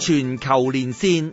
全球連線，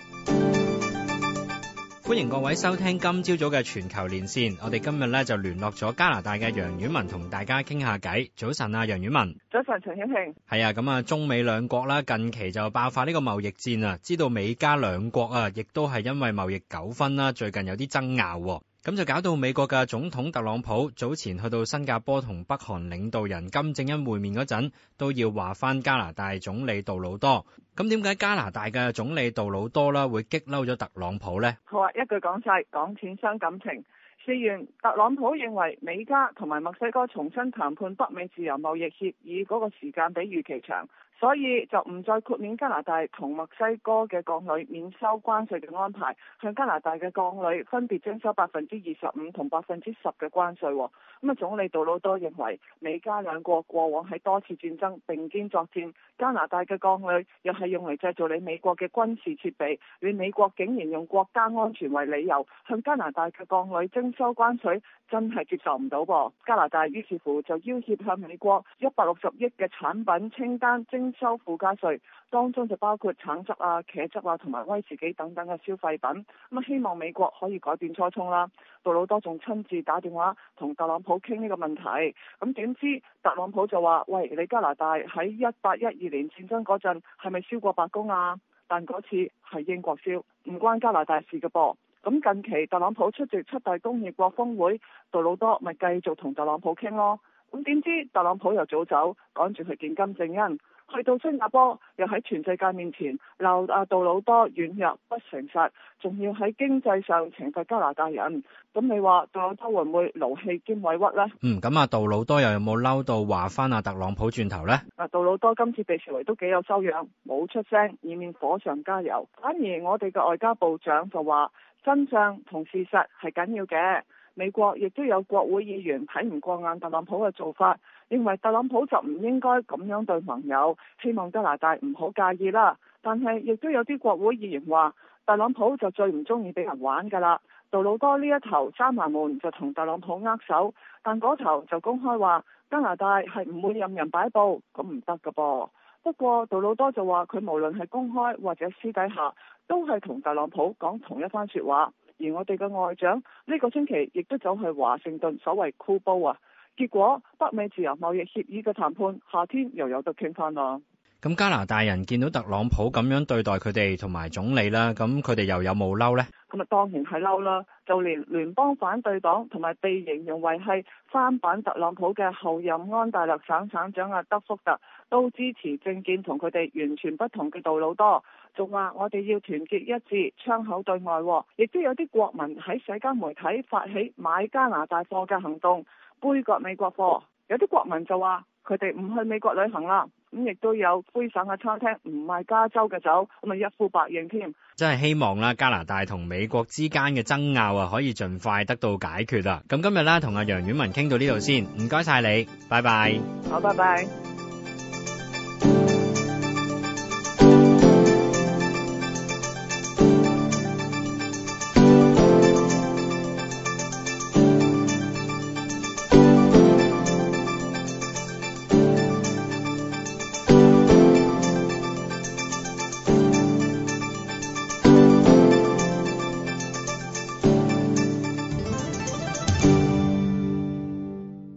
歡迎各位收聽今朝早嘅全球連線。我哋今日咧就聯絡咗加拿大嘅楊婉文同大家傾下偈。早晨啊，楊婉文。早晨，陳曉慶。係啊，咁啊，中美兩國啦，近期就爆發呢個貿易戰啊。知道美加兩國啊，亦都係因為貿易糾紛啦，最近有啲爭拗。咁就搞到美國嘅總統特朗普早前去到新加坡同北韓領導人金正恩會面嗰陣都要話翻加拿大總理杜魯多。咁點解加拿大嘅總理杜魯多啦會激嬲咗特朗普咧？好啊，一句講晒，講錢傷感情。事源，特朗普認為美加同埋墨西哥重新談判北美自由貿易協議嗰個時間比預期長，所以就唔再豁免加拿大同墨西哥嘅鋼鋁免收關稅嘅安排，向加拿大嘅鋼鋁分別徵收百分之二十五同百分之十嘅關稅。咁啊，總理杜魯多認為美加兩國過往係多次戰爭並肩作戰，加拿大嘅鋼鋁又係用嚟製造你美國嘅軍事設備，而美國竟然用國家安全為理由向加拿大嘅鋼鋁徵收關稅真係接受唔到噃，加拿大於是乎就要挾向美國一百六十億嘅產品清單徵收附加稅，當中就包括橙汁啊、茄汁啊同埋威士忌等等嘅消費品。咁希望美國可以改變初衷啦。杜魯多仲親自打電話同特朗普傾呢個問題。咁點知特朗普就話：喂，你加拿大喺一八一二年戰爭嗰陣係咪燒過白宮啊？但嗰次係英國燒，唔關加拿大事嘅噃。咁近期特朗普出席七大工業國峰會，杜魯多咪繼續同特朗普傾咯。咁點知特朗普又早走，趕住去見金正恩，去到新加坡又喺全世界面前鬧阿杜魯多軟弱不誠實，仲要喺經濟上懲罰加拿大人，咁你話杜魯多會唔會勞氣兼委屈呢？嗯，咁阿杜魯多又有冇嬲到話翻阿特朗普轉頭呢？阿杜魯多今次被視為都幾有修養，冇出聲以免火上加油，反而我哋嘅外交部長就話真相同事實係緊要嘅。美國亦都有國會議員睇唔過眼特朗普嘅做法，認為特朗普就唔應該咁樣對盟友，希望加拿大唔好介意啦。但係亦都有啲國會議員話，特朗普就最唔中意俾人玩㗎啦。杜魯多呢一頭閂埋門就同特朗普握手，但嗰頭就公開話加拿大係唔會任人擺佈，咁唔得㗎噃。不過杜魯多就話佢無論係公開或者私底下，都係同特朗普講同一番說話。而我哋嘅外長呢個星期亦都走去華盛頓，所謂箍煲啊，結果北美自由貿易協議嘅談判夏天又有得傾翻啦。咁加拿大人見到特朗普咁樣對待佢哋同埋總理啦，咁佢哋又有冇嬲呢？咪當然係嬲啦！就連聯邦反對黨同埋被形容為係翻版特朗普嘅後任安大略省省長阿德福特，都支持政見同佢哋完全不同嘅道路多，仲話我哋要團結一致，槍口對外。亦都有啲國民喺社交媒體發起買加拿大貨嘅行動，背國美國貨。有啲國民就話佢哋唔去美國旅行啦。咁亦都有灰省嘅餐廳，唔係加州嘅酒，咁啊一呼百應添。真係希望啦，加拿大同美國之間嘅爭拗啊，可以盡快得到解決啦。咁今日啦，同阿楊婉文傾到呢度先，唔該曬你，拜拜。好，拜拜。